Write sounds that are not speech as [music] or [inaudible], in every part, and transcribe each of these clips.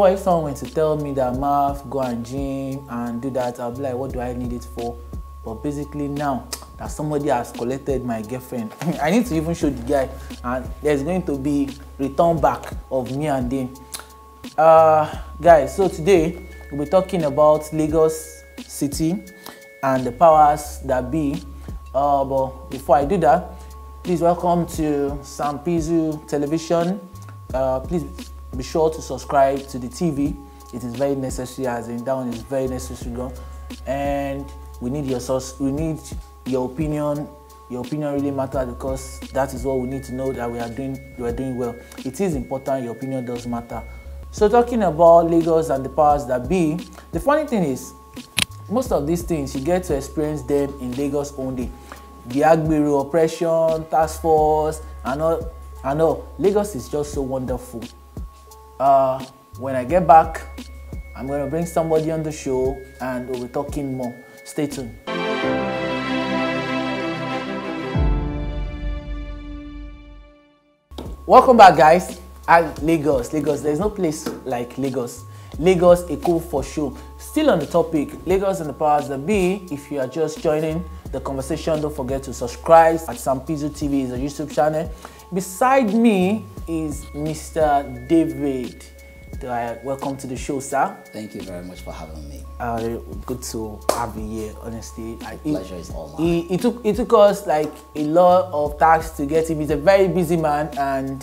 before if someone went to tell me that math go and gym and do that i'll be like what do i need it for but basically now that somebody has collected my girlfriend [laughs] i need to even show the guy and there's going to be return back of me and them uh guys so today we'll be talking about lagos city and the powers that be uh but before i do that please welcome to sampizu television uh please be sure to subscribe to the TV. It is very necessary, as in that one is very necessary. And we need your source, we need your opinion. Your opinion really matters because that is what we need to know that we are doing we are doing well. It is important, your opinion does matter. So talking about Lagos and the powers that be, the funny thing is most of these things you get to experience them in Lagos only. The Agbero oppression, task force, I know I know. Lagos is just so wonderful. Uh, when I get back, I'm going to bring somebody on the show and we'll be talking more. Stay tuned. Welcome back, guys. At Lagos, Lagos, there's no place like Lagos. Lagos, a cool for sure. Still on the topic, Lagos and the powers that be. If you are just joining the conversation, don't forget to subscribe at Sampizu TV is a YouTube channel. Beside me is Mr. David. Welcome to the show, sir. Thank you very much for having me. Uh, good to have you here, honestly. it, pleasure is all mine. It, it, took, it took us like a lot of tasks to get him. He's a very busy man and...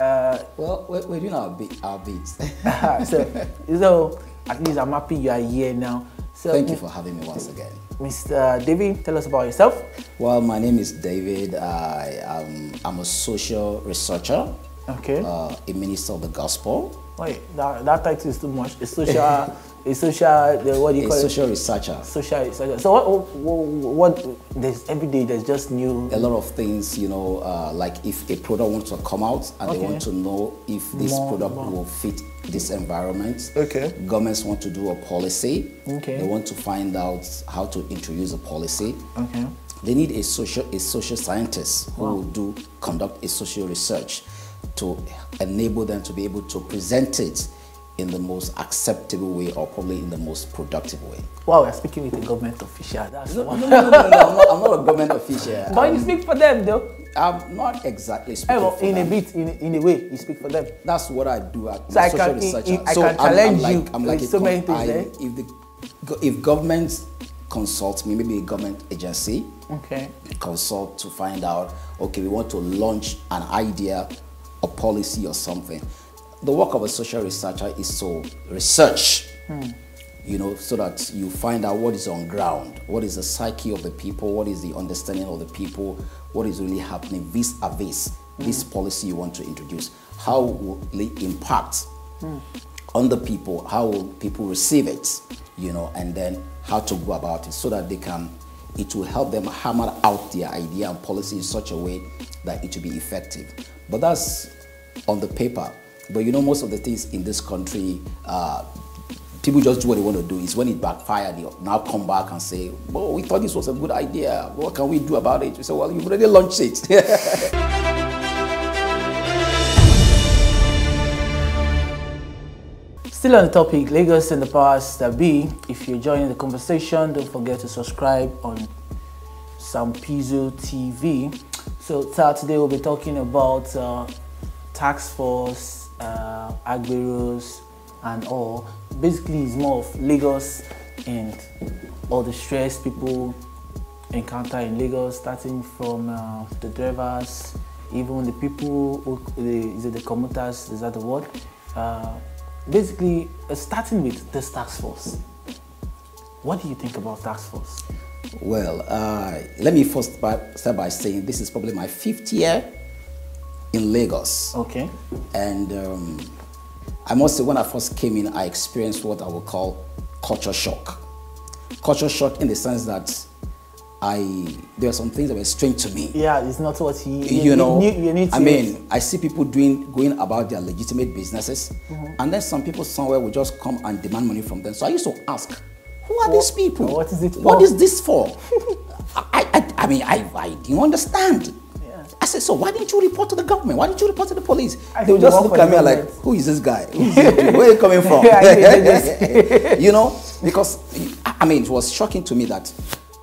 Uh, well, we're, we're doing our, bit, our bits. [laughs] so, [laughs] so, at least I'm happy you are here now. So Thank you mm. for having me once again. Mr. David, tell us about yourself. Well, my name is David. I am, I'm a social researcher. Okay. Uh, a minister of the gospel. Wait, that, that title is too much. A social [laughs] a social the, what do you a call social it? researcher. Social researcher. So what, what, what there's every day there's just new a lot of things you know uh, like if a product wants to come out and okay. they want to know if this more, product more. will fit this environment. Okay. Governments want to do a policy. Okay. They want to find out how to introduce a policy. Okay. They need a social a social scientist wow. who will do conduct a social research to enable them to be able to present it in the most acceptable way or probably in the most productive way. Wow, we're speaking with a government official. That's no, one. no, no, no, no, no, I'm, not, a government official. [laughs] But um, you speak for them though. I'm not exactly eh, speaking well, for in them. a bit, in, in a way, you speak for them. That's what I do at so I social can, researcher. In, in, I can I'm, challenge I'm like, you I'm like with so many things. I, there. Eh? If the if governments consult me, maybe a government agency, okay, consult to find out. Okay, we want to launch an idea, a policy, or something the work of a social researcher is to research, hmm. you know, so that you find out what is on ground, what is the psyche of the people, what is the understanding of the people, what is really happening vis a vis this policy you want to introduce. How will it impact hmm. on the people? How will people receive it? You know, and then how to go about it so that they can, it will help them hammer out their idea and policy in such a way that it will be effective. But that's on the paper. But you know, most of the things in this country, uh, people just do what they want to do. Is when it backfired, they now come back and say, "Well, oh, we thought this was a good idea. What can we do about it?" We say, "Well, you've already launched it." [laughs] Still on the topic, Lagos in the past that uh, be, if you're joining the conversation, don't forget to subscribe on Sampizo TV. So, today we'll be talking about uh, tax force uh, Agberos, and all. Basically, it's more of Lagos and all the stress people encounter in Lagos, starting from uh, the drivers, even the people, who, the, is it the commuters, is that the word? Uh, basically, uh, starting with this task force. What do you think about task force? Well, uh, let me first start by saying this is probably my fifth year in Lagos. Okay. And um, I must say, when I first came in, I experienced what I would call culture shock. Culture shock in the sense that I there are some things that were strange to me. Yeah, it's not what he, you, you know. You, you I mean, I see people doing going about their legitimate businesses, mm-hmm. and then some people somewhere will just come and demand money from them. So I used to ask, who are what, these people? What is it? For? What is this for? [laughs] I, I, I mean, I, I didn't understand. Yeah. I said, so why didn't you report to the government? Why didn't you report to the police? I they would just look at me like, who is this guy? [laughs] Where are you coming from? [laughs] [laughs] you know, because I mean, it was shocking to me that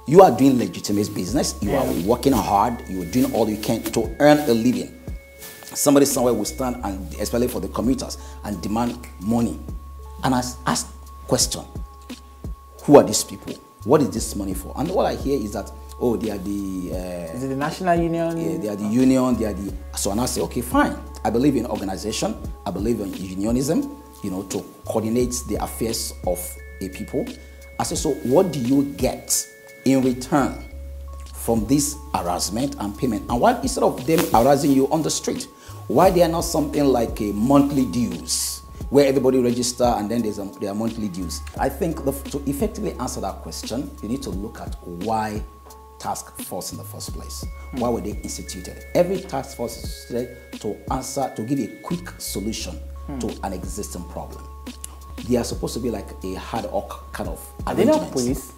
you are doing legitimate business. You yeah. are working hard. You are doing all you can to earn a living. Somebody somewhere will stand and, especially for the commuters, and demand money. And I ask question, who are these people? What is this money for? And what I hear is that oh, they are the. Uh, Is it the national union? Yeah, they are the union. They are the. So and I say, okay, fine. I believe in organization. I believe in unionism. You know, to coordinate the affairs of a people. I say, so what do you get in return from this harassment and payment? And why instead of them harassing you on the street, why they are not something like a monthly dues? where everybody register and then there's a, there are monthly dues. I think the, to effectively answer that question, you need to look at why task force in the first place? Mm. Why were they instituted? Every task force is instituted to answer, to give a quick solution mm. to hmm. an existing problem. They are supposed to be like a hard hoc kind of. Are they not police?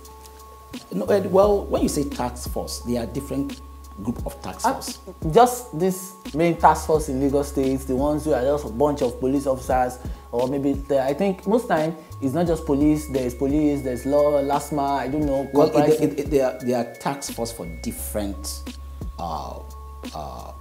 No, eh, well, when you say task force, there are different group of task ah, force? Just this main task force in Lagos State, the ones who are just a bunch of police officers, or maybe the, I think most time it's not just police. There is police, there's law, LASMA, I don't know. Well, it, it, it, they, are, they are task force for different uh, uh,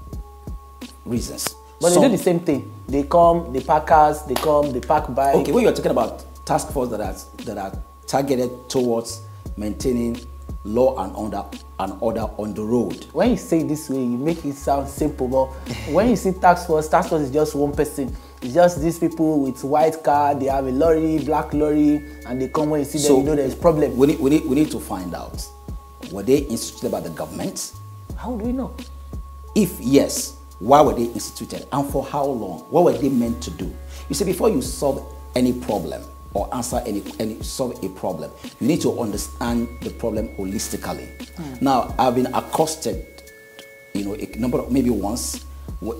reasons. But Some, they do the same thing. They come, they park cars, they come, they park bikes. Okay, when well, you're talking about task force that are that are targeted towards maintaining law and order and order on the road. When you say this way, you make it sound simple, but when you see tax force, tax force is just one person. It's just these people with white car, they have a lorry, black lorry, and they come when you see them, you know there's problem. We need, we, need, we need to find out, were they instituted by the government? How do we know? If yes, why were they instituted and for how long? What were they meant to do? You see, before you solve any problem, or answer any, any solve a problem. You need to understand the problem holistically. Mm. Now, I've been accosted, you know, a number of, maybe once.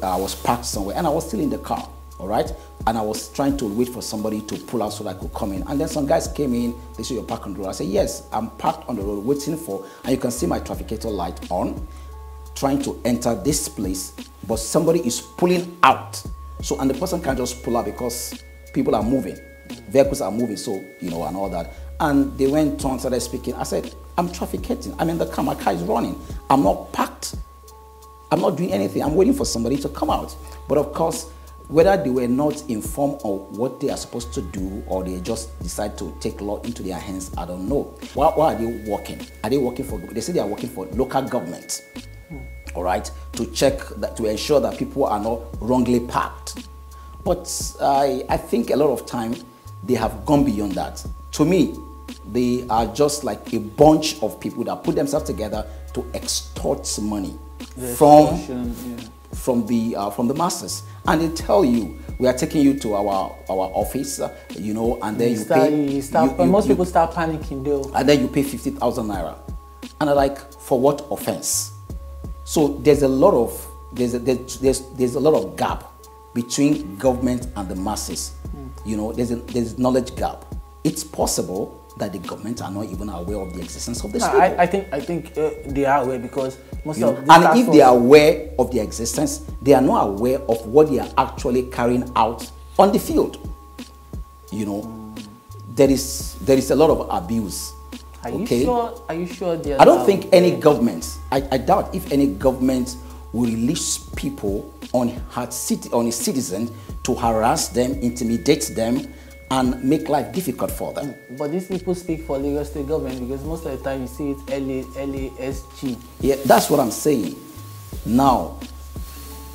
I was parked somewhere and I was still in the car, all right? And I was trying to wait for somebody to pull out so that I could come in. And then some guys came in, they said, You're parked on the road. I said, Yes, I'm parked on the road waiting for, and you can see my trafficator light on, trying to enter this place, but somebody is pulling out. So, and the person can't just pull out because people are moving vehicles are moving, so, you know, and all that. And they went on, started speaking. I said, I'm trafficking. I'm in the car. My car is running. I'm not packed. I'm not doing anything. I'm waiting for somebody to come out. But of course, whether they were not informed of what they are supposed to do or they just decide to take law into their hands, I don't know. Why, why are they working? Are they working for, they say they are working for local government, hmm. all right, to check, that, to ensure that people are not wrongly parked. But I, I think a lot of time they have gone beyond that. To me, they are just like a bunch of people that put themselves together to extort money the from yeah. from the uh, from the masters, and they tell you we are taking you to our our office, uh, you know, and then you, you start, pay. You start, you, most people start panicking though. And then you pay fifty thousand naira, and i like, for what offense? So there's a lot of there's a, there's, there's there's a lot of gap between government and the masses you know, there's a there's knowledge gap. It's possible that the government are not even aware of the existence of this. No, I, I, think I think uh, they are aware because most you of know, and if they are aware of the existence, they are not aware of what they are actually carrying out on the field. You know, there is there is a lot of abuse. Are okay? you sure? Are you sure? I don't think any government. I, I doubt if any government will release people on, her city, on his citizens to harass them, intimidate them, and make life difficult for them. Mm, but these people speak for Lagos state government because most of the time you see it LA, LASG. Yeah, that's what I'm saying. Now,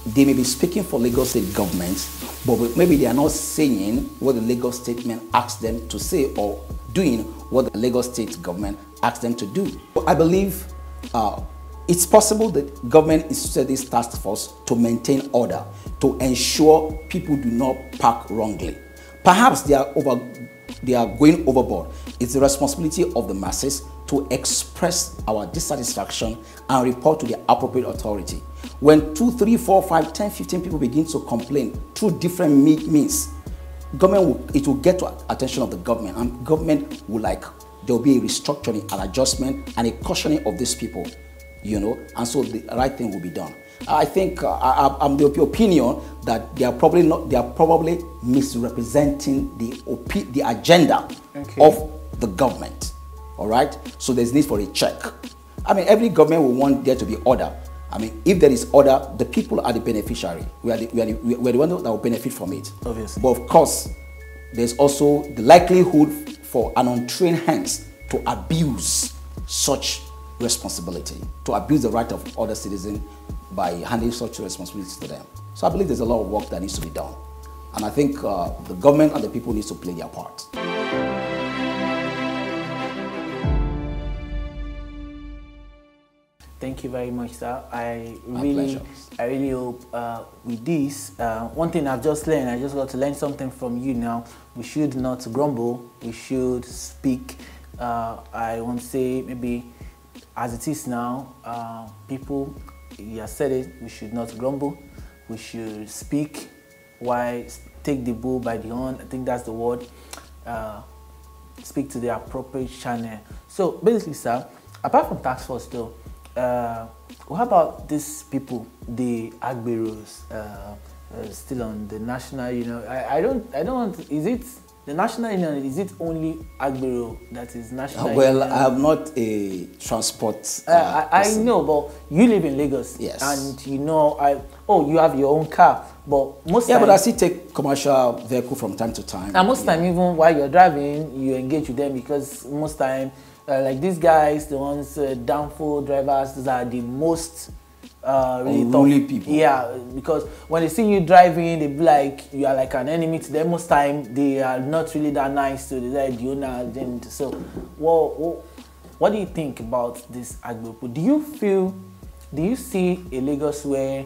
they may be speaking for Lagos state government, but maybe they are not saying what the Lagos statement asks them to say or doing what the Lagos state government asks them to do. I believe uh, it's possible that government instituted this task force to maintain order, to ensure people do not park wrongly. Perhaps they are over, they are going overboard. It's the responsibility of the masses to express our dissatisfaction and report to the appropriate authority. When 2, 3, 4, 5, 10, 15 people begin to complain through different means, government will, it will get to attention of the government and government will like, there will be a restructuring, an adjustment and a cautioning of these people you know, and so the right thing will be done. I think uh, I, am the opinion that they are probably not, they are probably misrepresenting the opi- the agenda okay. of the government. All right, so there's need for a check. I mean, every government will want there to be order. I mean, if there is order, the people are the beneficiary. We are the, we are the, we are the one that will benefit from it. Obviously. But of course, there's also the likelihood for an untrained hands to abuse such responsibility to abuse the right of other citizens by handing such responsibilities to them. So I believe there's a lot of work that needs to be done. And I think uh, the government and the people need to play their part. Thank you very much, sir. I really, I really hope uh, with this, uh, one thing I've just learned, I just got to learn something from you now. We should not grumble. We should speak. Uh, I won't say maybe as it is now, uh, people, you have said it, we should not grumble. We should speak why take the bull by the horn. I think that's the word. Uh, speak to the appropriate channel. So basically, sir, apart from tax force though, uh, what about these people, the Agberos, uh, uh, still on the national? You know, I, I don't, I don't. Is it The national union is it only Agbero that is national? Uh, well, union? I'm not a transport. Uh, uh, I, I, know, but you live in Lagos. Yes. And you know, I oh you have your own car, but most yeah, time, but I still take commercial vehicle from time to time. And most yeah. time, even while you're driving, you engage with them because most time, uh, like these guys, the ones uh, downfall drivers, these are the most uh, really unruly tough. people. Yeah, because when they see you driving, they be like you are like an enemy to them. Most time they are not really that nice to the owner. Then so, well, what do you think about this agbo? Do you feel, do you see a Lagos where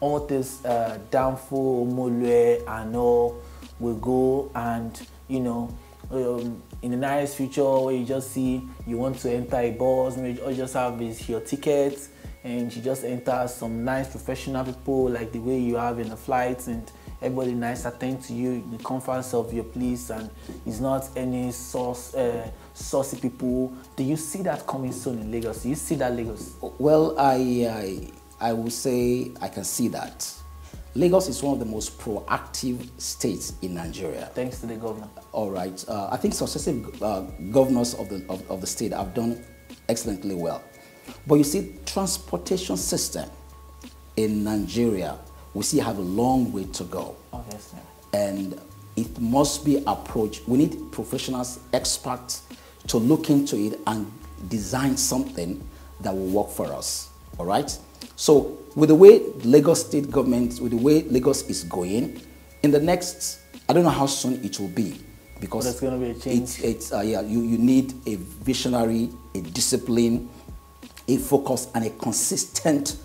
all this uh, downfall, Omolue, and all will go and you know? Um, in the nice future, where you just see you want to enter a bus, maybe or just have is your tickets, and she just enters some nice professional people like the way you have in the flights and everybody nice attend to you in the comfort of your place and it's not any sauce uh, saucy people do you see that coming soon in lagos do you see that lagos well i i, I will say i can see that Lagos is one of the most proactive states in Nigeria. Thanks to the governor. All right. Uh, I think successive uh, governors of the, of, of the state have done excellently well. But you see, transportation system in Nigeria, we still have a long way to go. and it must be approached. We need professionals, experts to look into it and design something that will work for us. All right? So with the way Lagos state government, with the way Lagos is going, in the next, I don't know how soon it will be, because it's going to be a change. It's, it's uh, yeah, you, you need a visionary, a discipline, a focus and a consistent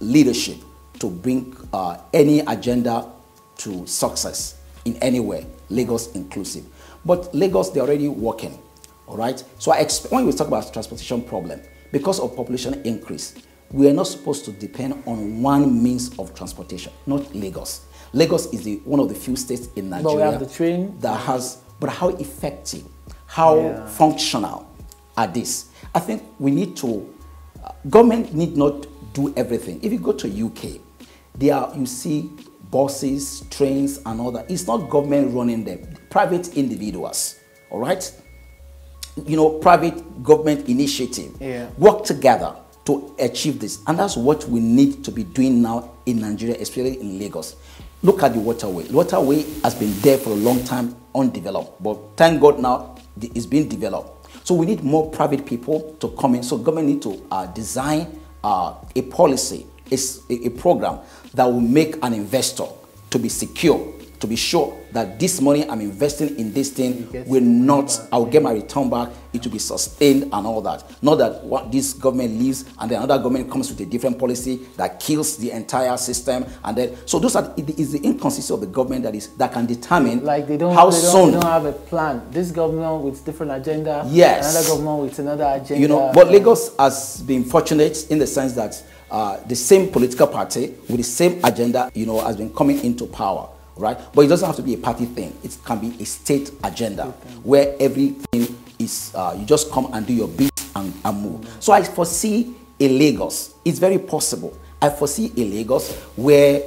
leadership to bring uh, any agenda to success in anywhere, Lagos inclusive. But Lagos, they're already working, all right? So I when we talk about transportation problem, because of population increase, we are not supposed to depend on one means of transportation, not Lagos. Lagos is the, one of the few states in Nigeria that has, but how effective, how yeah. functional are these? I think we need to, uh, government need not do everything. If you go to UK, there you see buses, trains, and all that. It's not government running them, private individuals, all right? You know, private government initiative. Yeah. Work together to achieve this. And that's what we need to be doing now in Nigeria, especially in Lagos. Look at the waterway. The waterway has been there for a long time, undeveloped. But thank God now it's been developed. So we need more private people to come in. So government need to uh, design uh, a policy, a, a program that will make an investor to be secure to be sure that this money I'm investing in this thing will not, I'll get my return back, it will be sustained and all that. Not that what this government leaves and then another government comes with a different policy that kills the entire system. And then, so those are, it is the inconsistency of the government that is, that can determine like they don't, how they don't, soon. They don't have a plan. This government with different agenda, yes. another government with another agenda. You know, but Lagos has been fortunate in the sense that uh, the same political party with the same agenda, you know, has been coming into power right? But it doesn't have to be a party thing. It can be a state agenda okay. where everything is, uh, you just come and do your bit and, and move. Mm -hmm. So I foresee a Lagos. It's very possible. I foresee a Lagos where,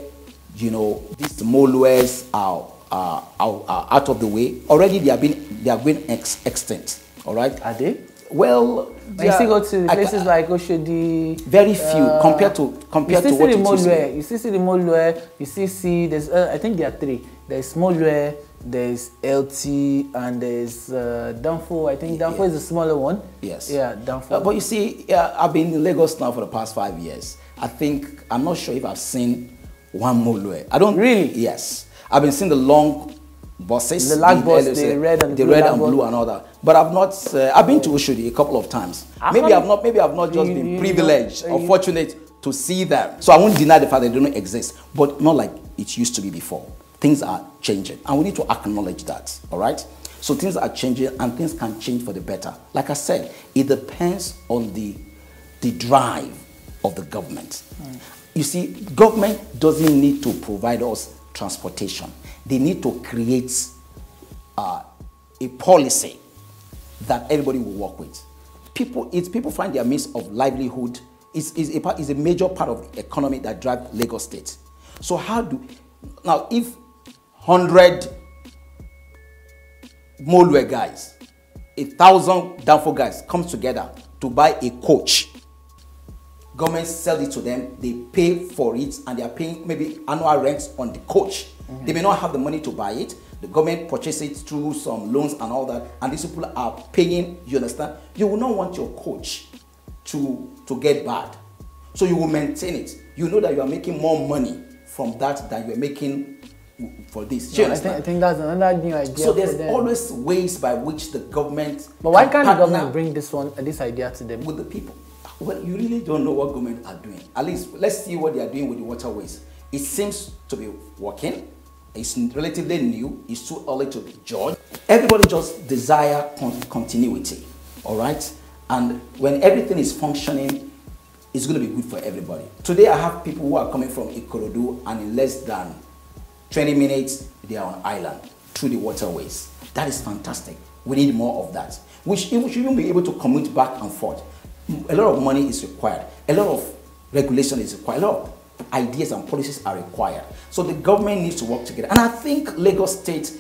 you know, these Molwes are, are, are, are, out of the way. Already they are, being, they are going ex extinct, all right? Are they? well but yeah, you still go to places I, I, like Oshodi. Very few uh, compared to compared to what you You see. see, the Lue, you still see the Molue, you still see there's uh, I think there are three. There's Molue, there's LT, and there's uh, Danfo. I think Danfo yeah. is the smaller one. Yes. Yeah, Danfo. Uh, but you see, yeah, I've been in Lagos now for the past five years. I think I'm not sure if I've seen one Molue. I don't really. Yes, I've been seeing the long buses. The bus, the red and the blue, red and blue and all that. But I've not. Uh, I've been to Oshodi a couple of times. I maybe I've not. Maybe I've not just been privileged or fortunate to see them. So I won't deny the fact they don't exist, but not like it used to be before. Things are changing, and we need to acknowledge that. All right. So things are changing, and things can change for the better. Like I said, it depends on the the drive of the government. Mm. You see, government doesn't need to provide us transportation. They need to create uh, a policy that everybody will work with. People, it's, people find their means of livelihood is, is, a, is a major part of the economy that drives Lagos State. So how do, now if 100 Molwe guys, a thousand Danfo guys comes together to buy a coach Government sell it to them, they pay for it, and they are paying maybe annual rent on the coach. Mm-hmm. They may not have the money to buy it. The government purchases it through some loans and all that, and these people are paying. You understand? You will not want your coach to to get bad, so you will maintain it. You know that you are making more money from that than you are making for this. No, I, think, I, think, that's another new idea. So there's always ways by which the government. But why can't the government bring this one, this idea to them? With the people. Well, you really don't know what government are doing. At least let's see what they are doing with the waterways. It seems to be working. It's relatively new. It's too early to be judged. Everybody just desire con continuity, all right? And when everything is functioning, it's going to be good for everybody. Today, I have people who are coming from Ikorodu, and in less than 20 minutes, they are on island through the waterways. That is fantastic. We need more of that. We should even be able to commute back and forth a lot of money is required, a lot of regulation is required, a lot of ideas and policies are required. So the government needs to work together. And I think Lagos State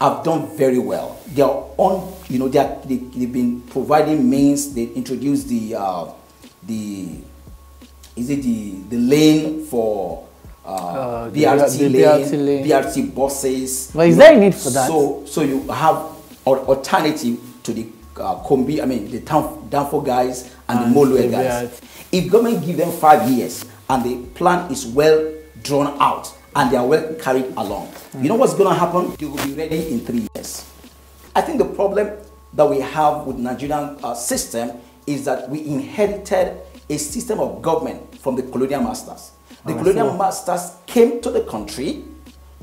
have done very well. They are on, you know, they are, they, have been providing means. They introduced the uh, the is it the the lane for uh, uh, BRT, the, the lane, BRT lane, BRT buses. But is there a need for that? So so you have an alternative to the uh, Kombi, I mean the Danfo Danf guys and, and the Molue guys. If government give them five years and the plan is well drawn out and they are well carried along, mm. you know what's going to happen? They will be ready in three years. I think the problem that we have with Nigerian uh, system is that we inherited a system of government from the colonial masters. The oh, colonial masters came to the country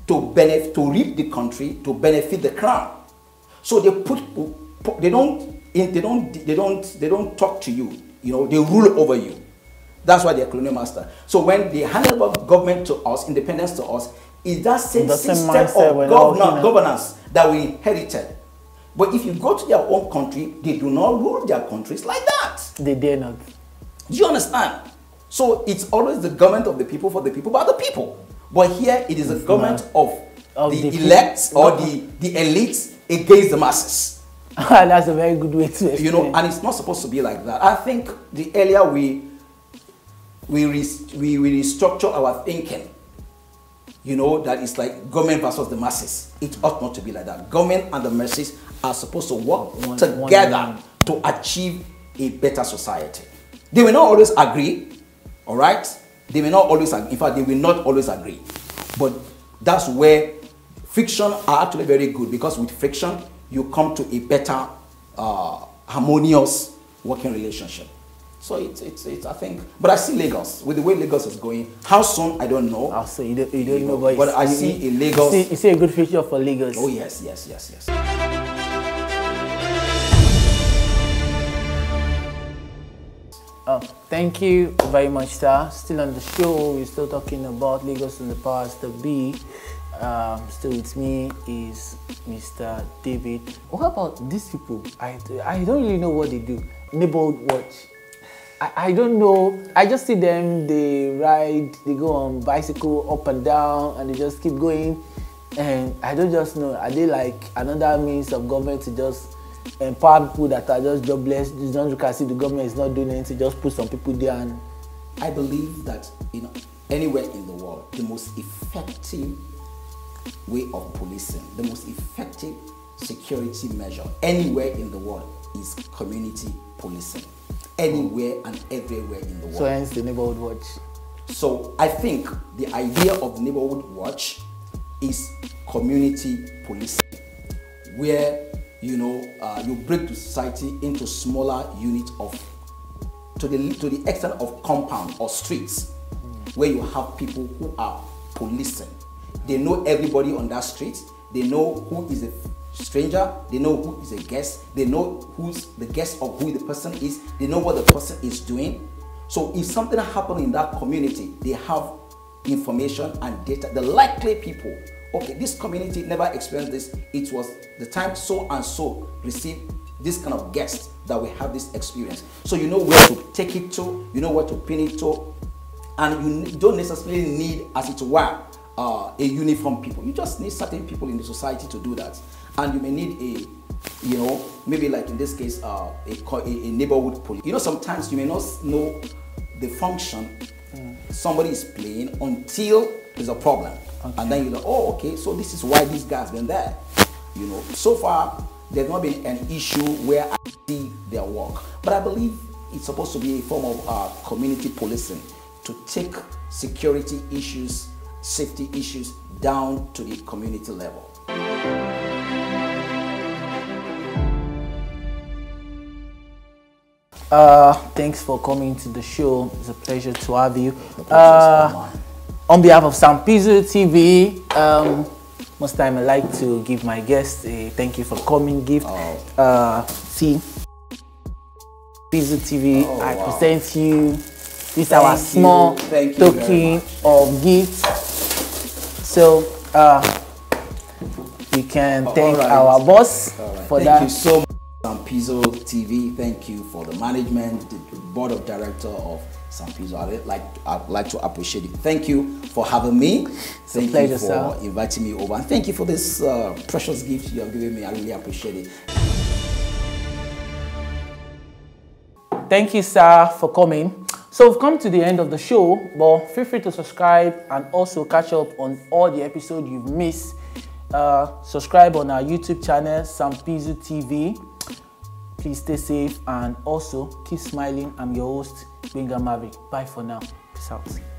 to benefit, to reap the country, to benefit the crown. So they put they don't eh, they don't they don't they don't talk to you. You know, they rule over you. That's why they're colonial master. So when they hand over government to us, independence to us, is that same the system same of governance, governance that we inherited. But if you go to their own country, they do not rule their countries like that. They dare not. Do you understand? So it's always the government of the people for the people by the people. But here it is the government of, of, the, the or the, the elites against the masses. [laughs] That's a very good way to explain. You know, and it's not supposed to be like that. I think the earlier we we we, we restructure our thinking, you know, that it's like government versus the masses. It ought not to be like that. Government and the masses are supposed to work one, together one to achieve a better society. They will not always agree, all right? They will not always agree. In fact, they will not always agree. But that's where friction are actually very good because with friction, you come to a better, uh, harmonious working relationship. So it's, it's, it's, I think, but I see Lagos with the way Lagos is going. How soon I don't know. I so you don't, you don't you know, know, but, but I see, see a Lagos. You see, you see a good future for Lagos. Oh yes, yes, yes, yes. Oh, thank you very much, sir. Still on the show, we're still talking about Lagos in the past, the B, um, still with me is Mr. David. What about these people? I, I don't really know what they do. Neighborhood Watch. I, I don't know. I just see them, they ride, they go on bicycle up and down, and they just keep going. And I don't just know. Are they like another means of government to just empower people that are just jobless? You don't look see the government is not doing anything, just put some people there. And I believe that, you know, anywhere in the world, the most effective way of policing, the most effective security measure anywhere in the world is community policing. Anywhere and everywhere in the world. So hence the neighborhood watch. So I think the idea of neighborhood watch is community policing, where you know uh, you break the society into smaller units of to the to the extent of compound or streets, mm. where you have people who are policing they know everybody on that street. They know who is a stranger. They know who is a guest. They know who's the guest of who the person is. They know what the person is doing. So if something happened in that community, they have information and data. The likely people, okay, this community never experienced this. It was the time so and so received this kind of guest that we have this experience. So you know where to take it to, you know where to pin it to, and you don't necessarily need, as it were, uh, a uniform people. You just need certain people in the society to do that, and you may need a you know maybe like in this case uh, a, a neighborhood police. You know sometimes you may not know the function mm. somebody is playing until there's a problem, okay. and then you know oh okay so this is why this guy's been there. You know so far there's not been an issue where I see their work, but I believe it's supposed to be a form of uh, community policing to take security issues safety issues down to the community level. Uh, thanks for coming to the show. It's a pleasure to have you. Uh, on behalf of San Pizzo TV, um, most time I like to give my guests a thank you for coming gift. Oh. Uh, see, Pizzo TV, oh, I wow. present you this our small token of gifts so uh, we can oh, thank right. our boss right. for thank that. Thank you so much, Sampizo TV. Thank you for the management, the board of director of Sampizo. I'd like I'd like to appreciate it. Thank you for having me. Thank pleasure, you for sir. inviting me over, and thank you for this uh, precious gift you have given me. I really appreciate it. Thank you, sir, for coming. So we've come to the end of the show, but feel free to subscribe and also catch up on all the episodes you've missed. Uh, subscribe on our YouTube channel, Sampizu TV. Please stay safe and also keep smiling. I'm your host, Benga Mavic. Bye for now. Peace out.